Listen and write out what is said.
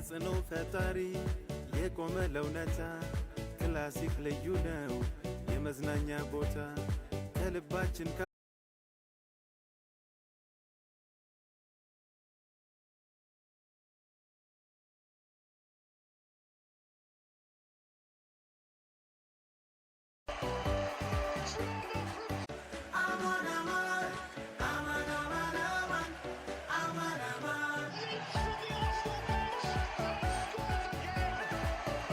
ተጽዕኖ ፈጣሪ የቆመ ለውነታ ክላሲክ ልዩ ነው የመዝናኛ ቦታ ከልባችን